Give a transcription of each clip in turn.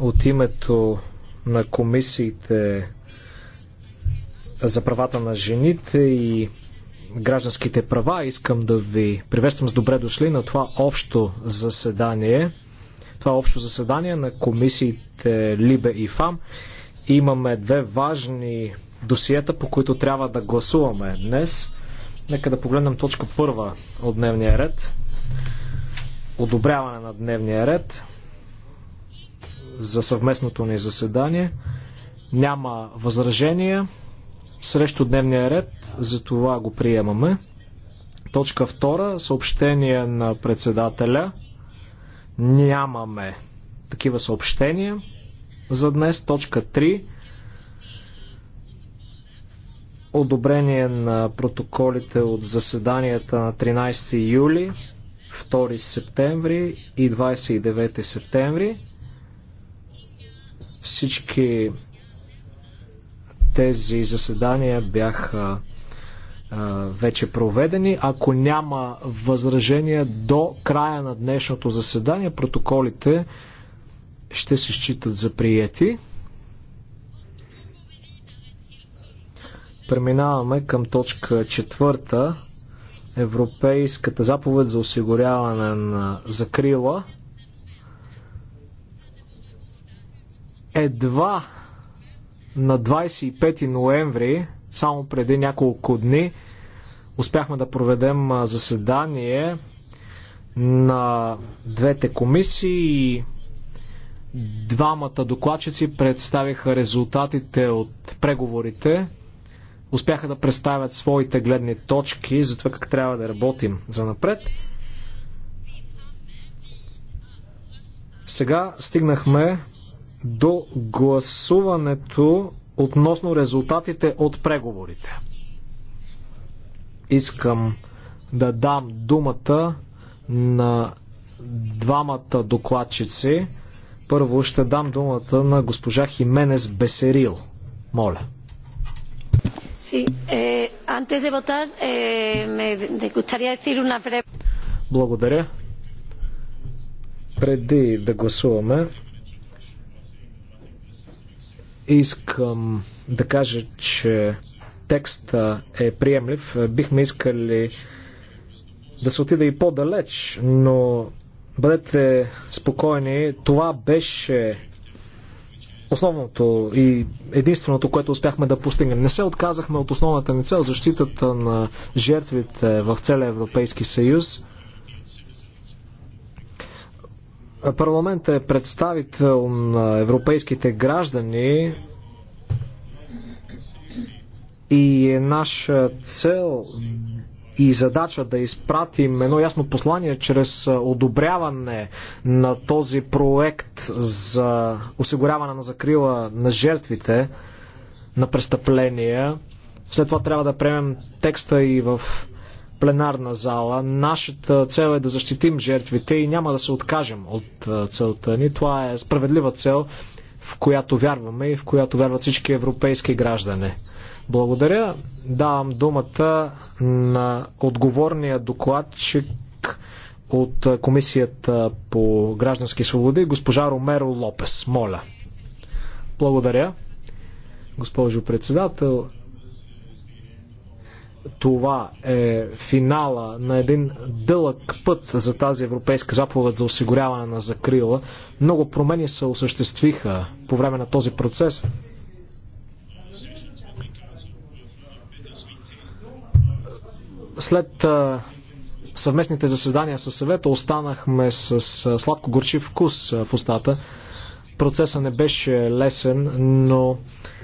От името на комисиите за правата на жените и гражданските права. Искам да ви приветствам с добре дошли на това общо заседание. Това общо заседание на комисиите Либе и ФАМ. Имаме две важни досиета, по които трябва да гласуваме днес. Нека да погледнем точка първа от дневния ред одобряване на дневния ред за съвместното ни заседание. Няма възражения срещу дневния ред, за това го приемаме. Точка 2. Съобщение на председателя. Нямаме такива съобщения за днес. Точка 3. Одобрение на протоколите от заседанията на 13 юли 2 септември и 29 септември. Всички тези заседания бяха вече проведени. Ако няма възражения до края на днешното заседание, протоколите ще се считат за приети. Преминаваме към точка четвърта Европейската заповед за осигуряване на закрила. Едва на 25 ноември, само преди няколко дни, успяхме да проведем заседание на двете комисии и двамата докладчици представиха резултатите от преговорите успяха да представят своите гледни точки за това как трябва да работим за напред. Сега стигнахме до гласуването относно резултатите от преговорите. Искам да дам думата на двамата докладчици. Първо ще дам думата на госпожа Хименес Бесерил. Моля. Благодаря. Преди да гласуваме, искам да кажа, че текста е приемлив. Бихме искали да се отида и по-далеч, но бъдете спокойни. Това беше основното и единственото, което успяхме да постигнем. Не се отказахме от основната ни цел защитата на жертвите в целия Европейски съюз. Парламентът е представител на европейските граждани и е наша цел и задача да изпратим едно ясно послание чрез одобряване на този проект за осигуряване на закрила на жертвите на престъпления. След това трябва да приемем текста и в пленарна зала. Нашата цел е да защитим жертвите и няма да се откажем от целта ни. Това е справедлива цел, в която вярваме и в която вярват всички европейски граждани. Благодаря. Давам думата на отговорния докладчик от Комисията по граждански свободи, госпожа Ромеро Лопес. Моля. Благодаря. Госпожо председател, това е финала на един дълъг път за тази европейска заповед за осигуряване на закрила. Много промени се осъществиха по време на този процес. След съвместните заседания със съвета останахме с сладко-горчив вкус в устата. Процесът не беше лесен, но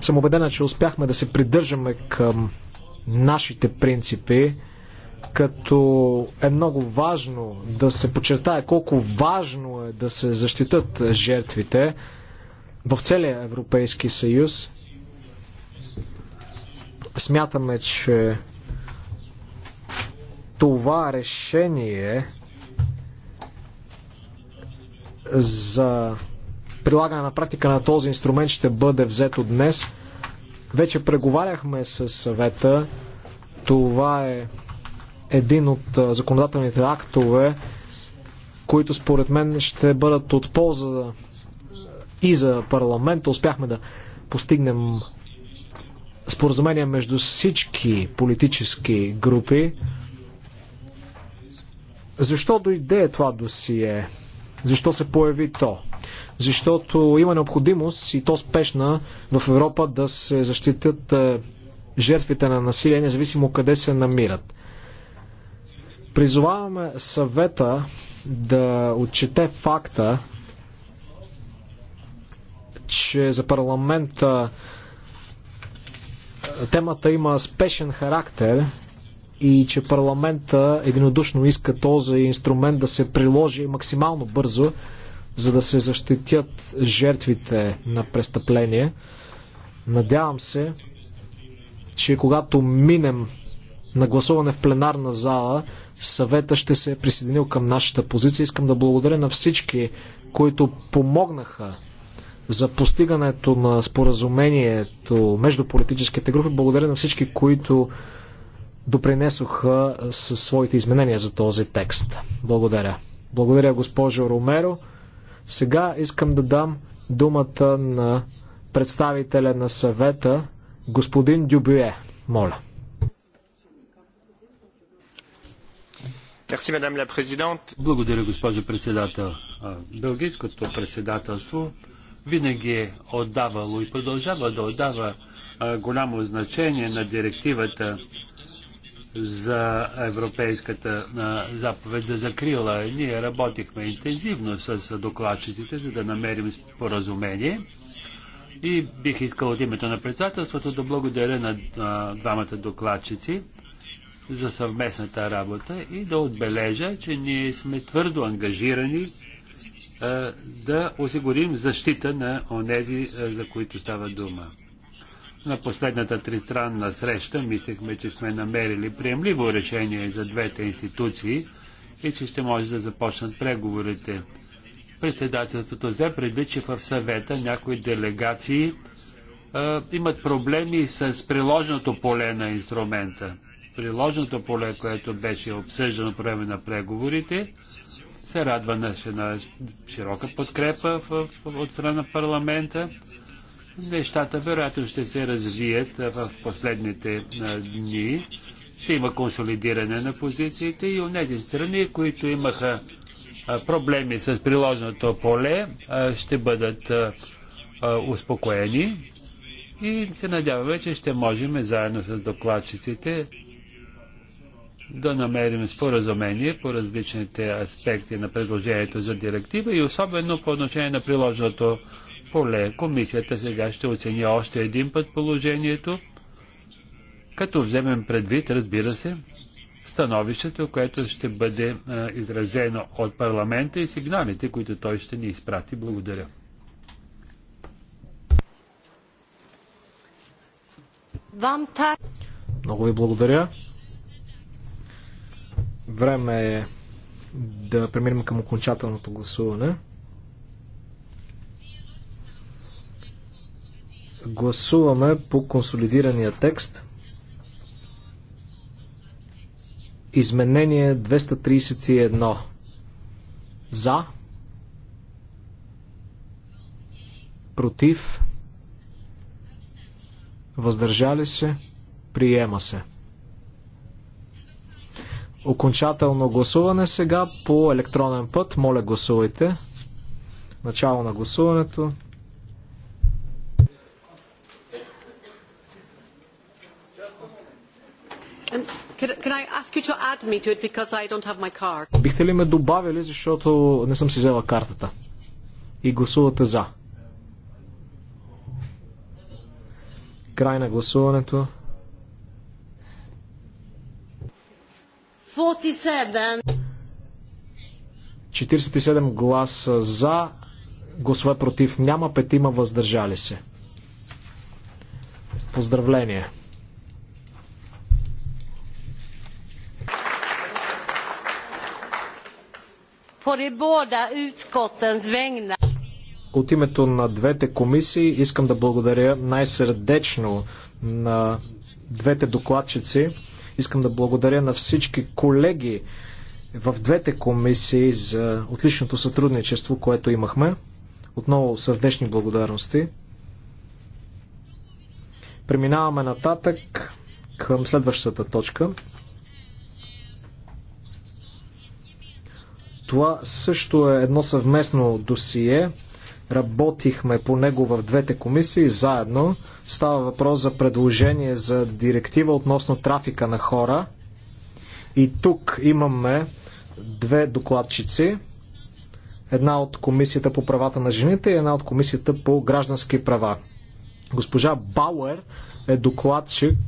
съм убедена, че успяхме да се придържаме към нашите принципи, като е много важно да се подчертае колко важно е да се защитат жертвите в целия Европейски съюз. Смятаме, че това решение за прилагане на практика на този инструмент ще бъде взето днес. Вече преговаряхме с съвета. Това е един от законодателните актове, които според мен ще бъдат от полза и за парламента. Успяхме да постигнем споразумение между всички политически групи. Защо дойде това досие? Защо се появи то? Защото има необходимост и то спешна в Европа да се защитят е, жертвите на насилие, независимо къде се намират. Призоваваме съвета да отчете факта, че за парламента темата има спешен характер и че парламента единодушно иска този инструмент да се приложи максимално бързо, за да се защитят жертвите на престъпление. Надявам се, че когато минем на гласуване в пленарна зала, съвета ще се е присъединил към нашата позиция. Искам да благодаря на всички, които помогнаха за постигането на споразумението между политическите групи. Благодаря на всички, които допринесоха със своите изменения за този текст. Благодаря. Благодаря, госпожо Ромеро. Сега искам да дам думата на представителя на съвета, господин Дюбюе. Моля. Благодаря, госпожо председател. Белгийското председателство винаги е отдавало и продължава да отдава голямо значение на директивата за Европейската заповед за закрила. Ние работихме интензивно с докладчиците, за да намерим споразумение. И бих искал от името на председателството да благодаря на а, двамата докладчици за съвместната работа и да отбележа, че ние сме твърдо ангажирани а, да осигурим защита на онези, а, за които става дума. На последната тристранна среща мислехме, че сме намерили приемливо решение за двете институции и че ще може да започнат преговорите. Председателството взе предвид, че в съвета някои делегации а, имат проблеми с приложното поле на инструмента. Приложното поле, което беше обсъждано по време на преговорите, се радва на, на широка подкрепа в, в, от страна на парламента. Нещата вероятно ще се развият в последните дни. Ще има консолидиране на позициите и от тези страни, които имаха проблеми с приложното поле, ще бъдат успокоени и се надяваме, че ще можем заедно с докладчиците да намерим споразумение по различните аспекти на предложението за директива и особено по отношение на приложеното поле. Комисията сега ще оцени още един път положението, като вземем предвид, разбира се, становището, което ще бъде а, изразено от парламента и сигналите, които той ще ни изпрати. Благодаря. Много ви благодаря. Време е да преминем към окончателното гласуване. Гласуваме по консолидирания текст. Изменение 231. За. Против. Въздържали се. Приема се. Окончателно гласуване сега по електронен път. Моля гласувайте. Начало на гласуването. Бихте ли ме добавили, защото не съм си взела картата? И гласувате за. Край на гласуването. 47. гласа за, гласове против няма, петима въздържали се. Поздравление! От името на двете комисии искам да благодаря най-сърдечно на двете докладчици. Искам да благодаря на всички колеги в двете комисии за отличното сътрудничество, което имахме. Отново сърдечни благодарности. Преминаваме нататък към следващата точка. Това също е едно съвместно досие. Работихме по него в двете комисии заедно. Става въпрос за предложение за директива относно трафика на хора. И тук имаме две докладчици. Една от Комисията по правата на жените и една от Комисията по граждански права. Госпожа Бауер е докладчик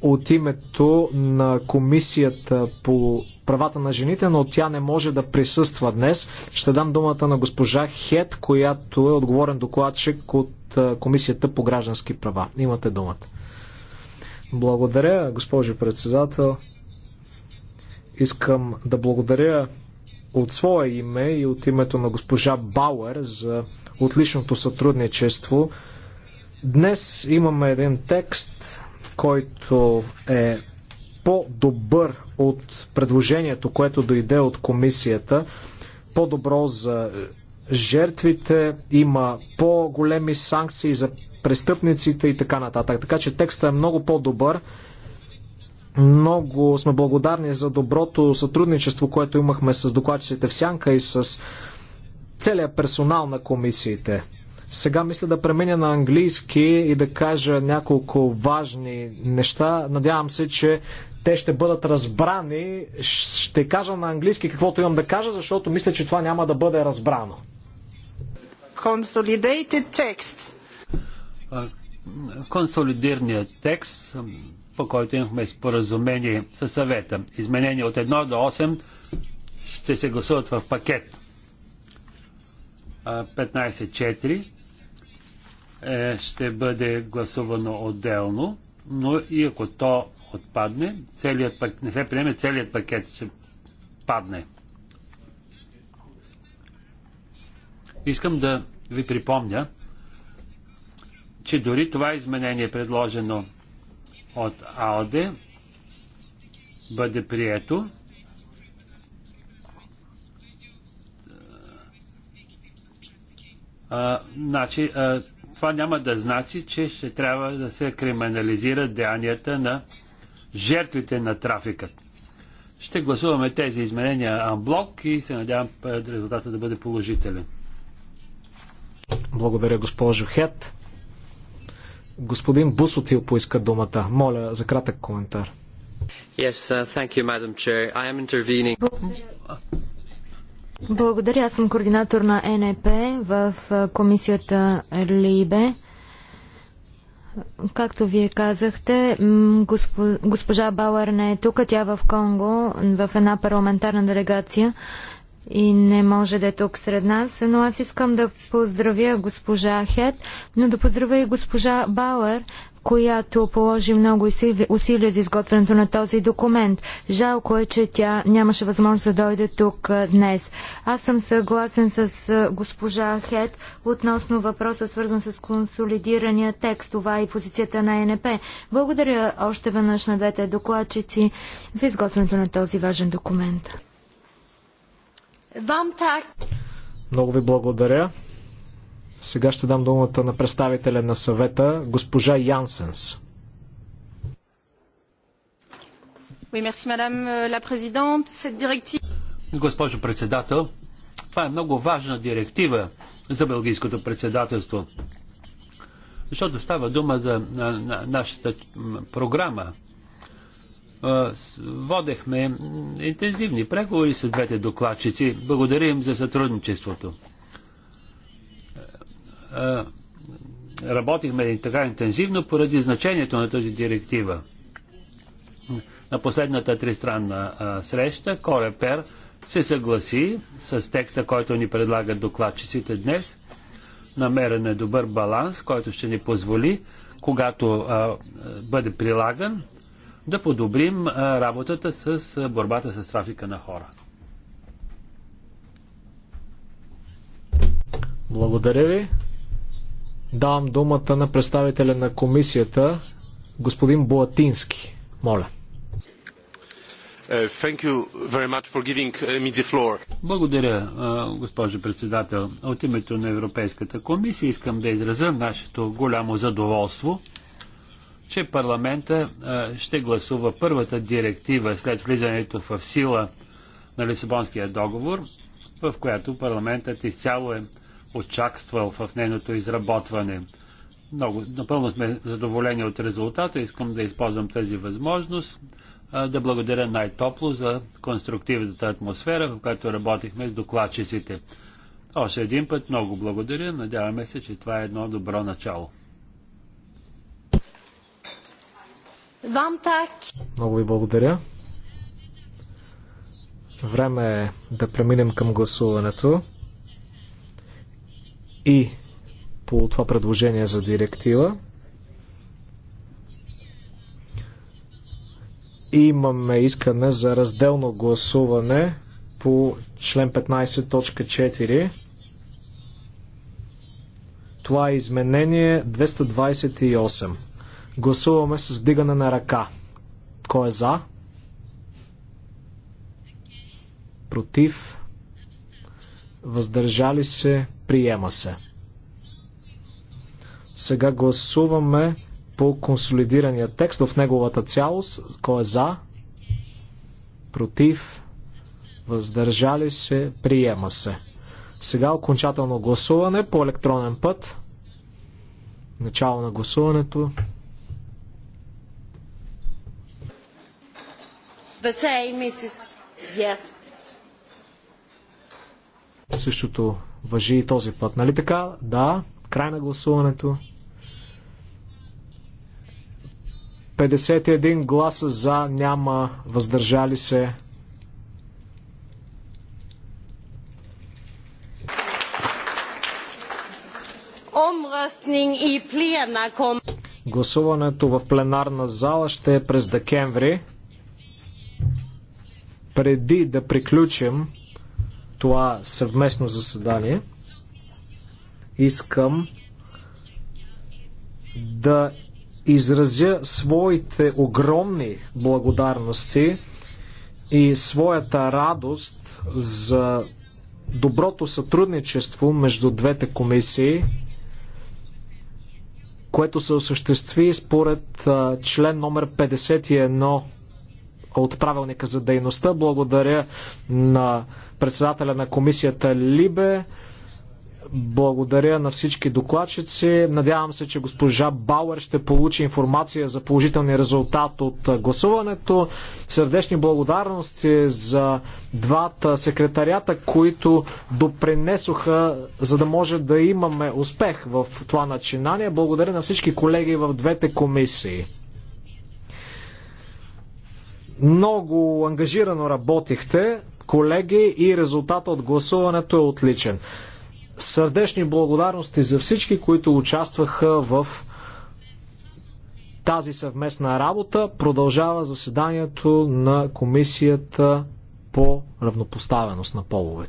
от името на Комисията по правата на жените, но тя не може да присъства днес. Ще дам думата на госпожа Хет, която е отговорен докладчик от Комисията по граждански права. Имате думата. Благодаря, госпожо председател. Искам да благодаря от свое име и от името на госпожа Бауер за отличното сътрудничество. Днес имаме един текст, който е по-добър от предложението, което дойде от комисията, по-добро за жертвите, има по-големи санкции за престъпниците и така нататък. Така че текстът е много по-добър. Много сме благодарни за доброто сътрудничество, което имахме с докладчиците в Сянка и с целият персонал на комисиите. Сега мисля да пременя на английски и да кажа няколко важни неща. Надявам се, че те ще бъдат разбрани. Ще кажа на английски каквото имам да кажа, защото мисля, че това няма да бъде разбрано. Consolidated текст. Консолидирният текст, по който имахме споразумение със съвета. Изменение от 1 до 8 ще се гласуват в пакет. 15.4 е, ще бъде гласувано отделно, но и ако то отпадне, целият пак, не се приеме, целият пакет ще падне. Искам да ви припомня, че дори това изменение, предложено от АЛДЕ, бъде прието, а, значи, а, това няма да значи, че ще трябва да се криминализират деянията на жертвите на трафикът. Ще гласуваме тези изменения анблок и се надявам е, резултата да бъде положителен. Благодаря, госпожо Хет. Господин Бусотил поиска думата. Моля за кратък коментар. Yes, uh, thank you, Madam Chair. I am intervening. Благодаря. Аз съм координатор на НЕП в комисията ЛИБЕ. Както вие казахте, госпожа Бауер не е тук, тя е в Конго, в една парламентарна делегация и не може да е тук сред нас, но аз искам да поздравя госпожа Хет, но да поздравя и госпожа Бауер, която положи много усилия за изготвянето на този документ. Жалко е, че тя нямаше възможност да дойде тук днес. Аз съм съгласен с госпожа Хет относно въпроса, свързан с консолидирания текст. Това е и позицията на ЕНП. Благодаря още веднъж на двете докладчици за изготвянето на този важен документ. Много ви благодаря. Сега ще дам думата на представителя на съвета, госпожа Янсенс. Euh, Госпожо председател, това е много важна директива за Белгийското председателство, защото става дума за нашата програма водехме интензивни преговори с двете докладчици. Благодарим за сътрудничеството. Работихме така интензивно поради значението на тази директива. На последната тристранна среща Корепер се съгласи с текста, който ни предлагат докладчиците днес. Намерен е добър баланс, който ще ни позволи, когато а, бъде прилаган, да подобрим работата с борбата с трафика на хора. Благодаря ви. Давам думата на представителя на комисията, господин Булатински. Моля. Благодаря, госпожо председател. От името на Европейската комисия искам да изразя нашето голямо задоволство, че парламента ще гласува първата директива след влизането в сила на Лисабонския договор, в която парламентът изцяло е участвал в нейното изработване. Много, напълно сме задоволени от резултата. Искам да използвам тази възможност да благодаря най-топло за конструктивната атмосфера, в която работихме с докладчиците. Още един път много благодаря. Надяваме се, че това е едно добро начало. Вам так. Много ви благодаря. Време е да преминем към гласуването и по това предложение за директива. Имаме искане за разделно гласуване по член 15.4. Това е изменение 228. Гласуваме с дигане на ръка. Кой е за? Против? Въздържали се? Приема се. Сега гласуваме по консолидирания текст в неговата цялост. Кой е за? Против? Въздържали се? Приема се. Сега окончателно гласуване по електронен път. Начало на гласуването. The same, Yes. Същото въжи и този път. Нали така? Да. Край на гласуването. 51 гласа за, няма въздържали се. Гласуването в пленарна зала ще е през декември преди да приключим това съвместно заседание, искам да изразя своите огромни благодарности и своята радост за доброто сътрудничество между двете комисии, което се осъществи според член номер 51 от правилника за дейността. Благодаря на председателя на комисията Либе. Благодаря на всички докладчици. Надявам се, че госпожа Бауер ще получи информация за положителния резултат от гласуването. Сърдечни благодарности за двата секретарията, които допринесоха, за да може да имаме успех в това начинание. Благодаря на всички колеги в двете комисии. Много ангажирано работихте, колеги, и резултата от гласуването е отличен. Сърдечни благодарности за всички, които участваха в тази съвместна работа. Продължава заседанието на Комисията по равнопоставеност на половете.